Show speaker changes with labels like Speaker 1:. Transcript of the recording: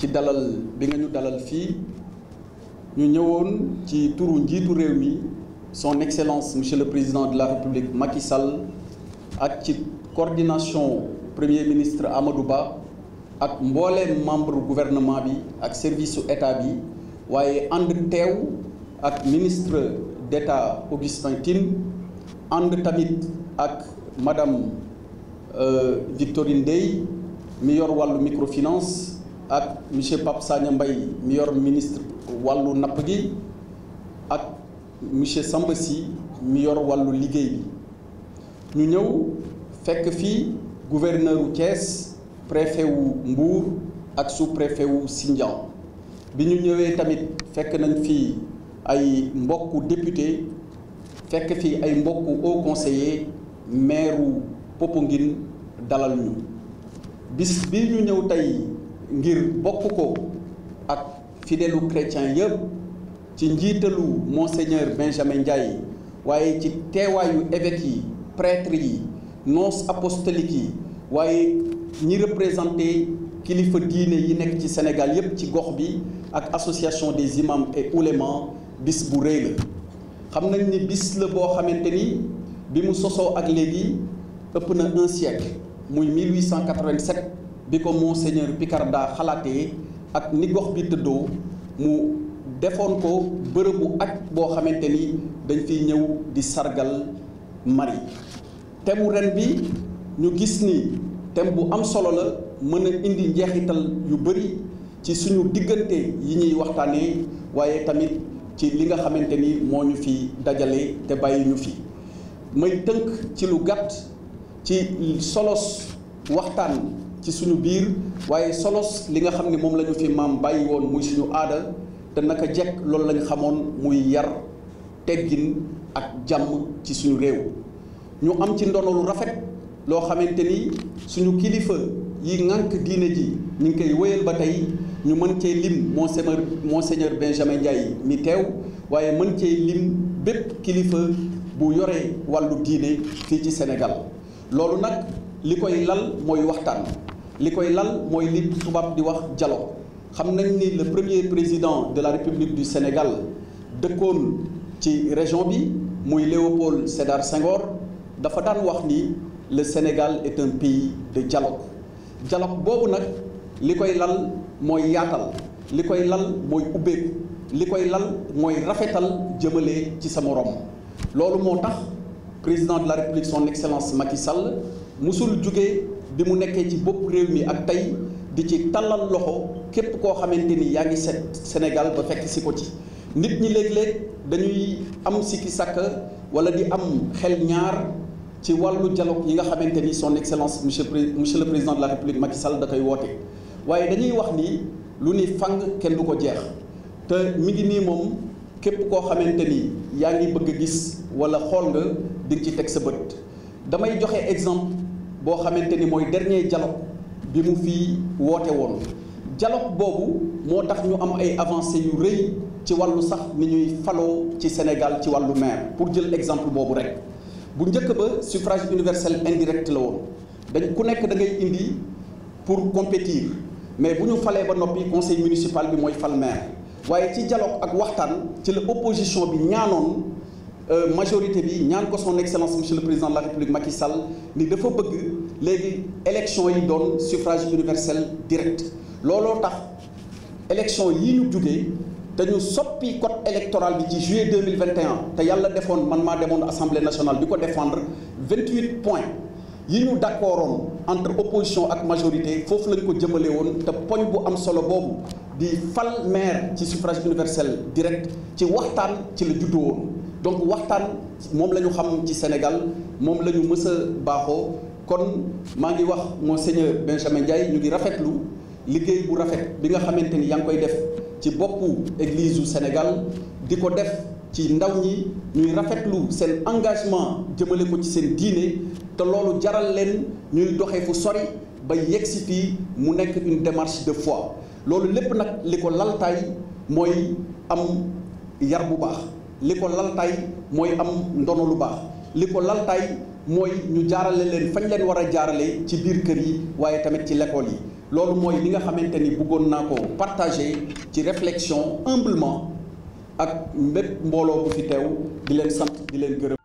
Speaker 1: ci dalal bi nga ñu dalal fii ñu ñëwoon ci turu njiitu réew mi son excellence monsieur le président de la république Macky Sall ak ci coordination premier ministre Amadou Ba ak mbooleem membre gouvernement bi ak service su état bi waaye ànd teew ak ministre d'état Augustin Tine ànd tamit ak madame euh, Victorine Ndeye mi yor wàllu microfinance ak monsieur Pape Sagna Mbaye mi yor ministre wàllu napp gi ak monsieur Samba si mi yor wàllu liggéey bi ñu ñëw fekk fii gouverneur wu Thiès préfet wu Mbour ak sous-préfet wu Sindian bi ñu ñëwee tamit fekk nañ fi ay mbokku député fekk fii ay mbokku haut conseiller maire wu Popenguine dalal ñu bis bi ñu ñëw tey ngir bokk ko ak fidèlu chrétien yëpp ci njiitalu monseigneur Benjamin Ndiaye waaye ci teewaayu évêques yi prêtre yi nonces apostoliques yi waaye ñi représenté kilifa diine yi nekk ci Sénégal yëpp ci gox bi ak association des imams et oulémas bis bu rëy la xam nañ ni bis la boo xamante ni bi mu sosoo ak léegi ëpp na un siècle muy 1887 bi ko monseigneur Picarda xalaatee ak ni gox bi tëddoo mu defoon ko bërëbu aj boo xamante ni dañ fiy ñëw di sargal Marie thème ren bi ñu gis ni tem bu am solo la mën a indi njeexital yu bëri ci suñu diggante yi ñuy waxtaanee waaye tamit ci li nga xamante ni moo ñu fi dajale te bàyyi ñu fi may tënk ci lu gàtt ci solos waxtaan ci suñu biir waaye solos li nga xam ne moom la ñu fi maam bàyyi woon muy suñu aada te naka jekk loolu la xamoon muy yar teggin ak jàmm ci suñu réew ñu am ci ndono lu rafet loo xamante ni suñu kilifa yi ŋànk diine ji ñu ngi koy wéyal ba tey ñu mën cee lim monseigneur monseigneur Benjamin Ndiaye mi teew waaye mën cee lim bépp kilifa bu yore wàllu diine fii ci Sénégal loolu nag li koy lal mooy waxtaan li koy lal mooy li tubaab di wax dialogue xam nañ ni le premier président de la République du Sénégal dëkkoon ci région bi muy Léopold Sédar sengor dafa daan wax ni le Sénégal est un pays de dialogue dialogue boobu nag li koy lal mooy yaatal li koy lal mooy ubbeeku li koy lal mooy rafetal jëmalee ci sa moroom loolu moo tax président de la république son excellence Macky Sall musul jóge bi mu nekkee ci bopp réew mi ak tey di ci tàllal loxo képp koo xamante ni yaa ngi set Sénégal ba fekk si ko ci nit ñi léeg-léeg dañuy am sikki sàkka wala di am xel ñaar ci wàllu dialogue yi nga xamante ni son excellence monsieur monsieur le président de la république Macky Sall da koy woote waaye dañuy wax nii lu ni fang kenn du ko jeex te mu ngi nii moom képp koo xamante ni yaa ngi bëgg a gis wala xool nga di nga ci teg sa bët damay joxe exemple boo xamante ni mooy dernier dialogue bi mu fi woote woon dialogue boobu moo tax ñu am ay avancées yu rëy ci wàllu sax ni ñuy faloo ci Sénégal ci wàllu maire pour jël exemple boobu rek bu njëkk ba suffrage universel indirect la woon dañ ku nekk da ngay indi pour compétir mais bu ñu falee ba noppi conseil municipal bi mooy fal maire waaye ci dialogue ak waxtaan ci la opposition bi ñaanoon. Euh, majorité bi ñaan ko son excellence monsieur le président de la république Macky Sall ni dafa bëgg léegi élection yi doon suffrage universel direct looloo tax élection yi ñu jugee te ñu soppi code électoral bi ci juillet 2021 te yàlla defoon man maa demoon assemblée nationale di ko défendre 28 points yi ñu d'accordoon entre opposition ak majorité foofu lañ ko jëmale woon te poñ bu am solo boobu di fal maire ci suffrage universel direct ci waxtaan ci la juddoo woon donc waxtaan moom la ñu xam ci Sénégal moom la ñu baaxoo kon maa ngi wax moo monseigneur Benjamin Ndiaye ñu ngi rafetlu liggéey bu rafet bi nga xamante ni yaa ngi koy def ci bokku église u Sénégal di ko def ci ndaw ñi ñuy rafetlu seen engagement jëmale ko ci seen diine te loolu jaral leen ñuy doxee fu sori ba yegg si fii mu nekk une démarche de fois loolu lépp nag li ko laltaay mooy am yar bu baax. li ko laltaay mooy am ndono lu baax li ko laltaay mooy ñu jaarale leen fañ leen war a jaarale ci biir kër yi waaye tamit ci lekkool yi loolu mooy li nga xamante ni buggoon naa ko partager ci réflexion humblement ak mbépp mbooloo bu fi teew di leen sant di leen gërëm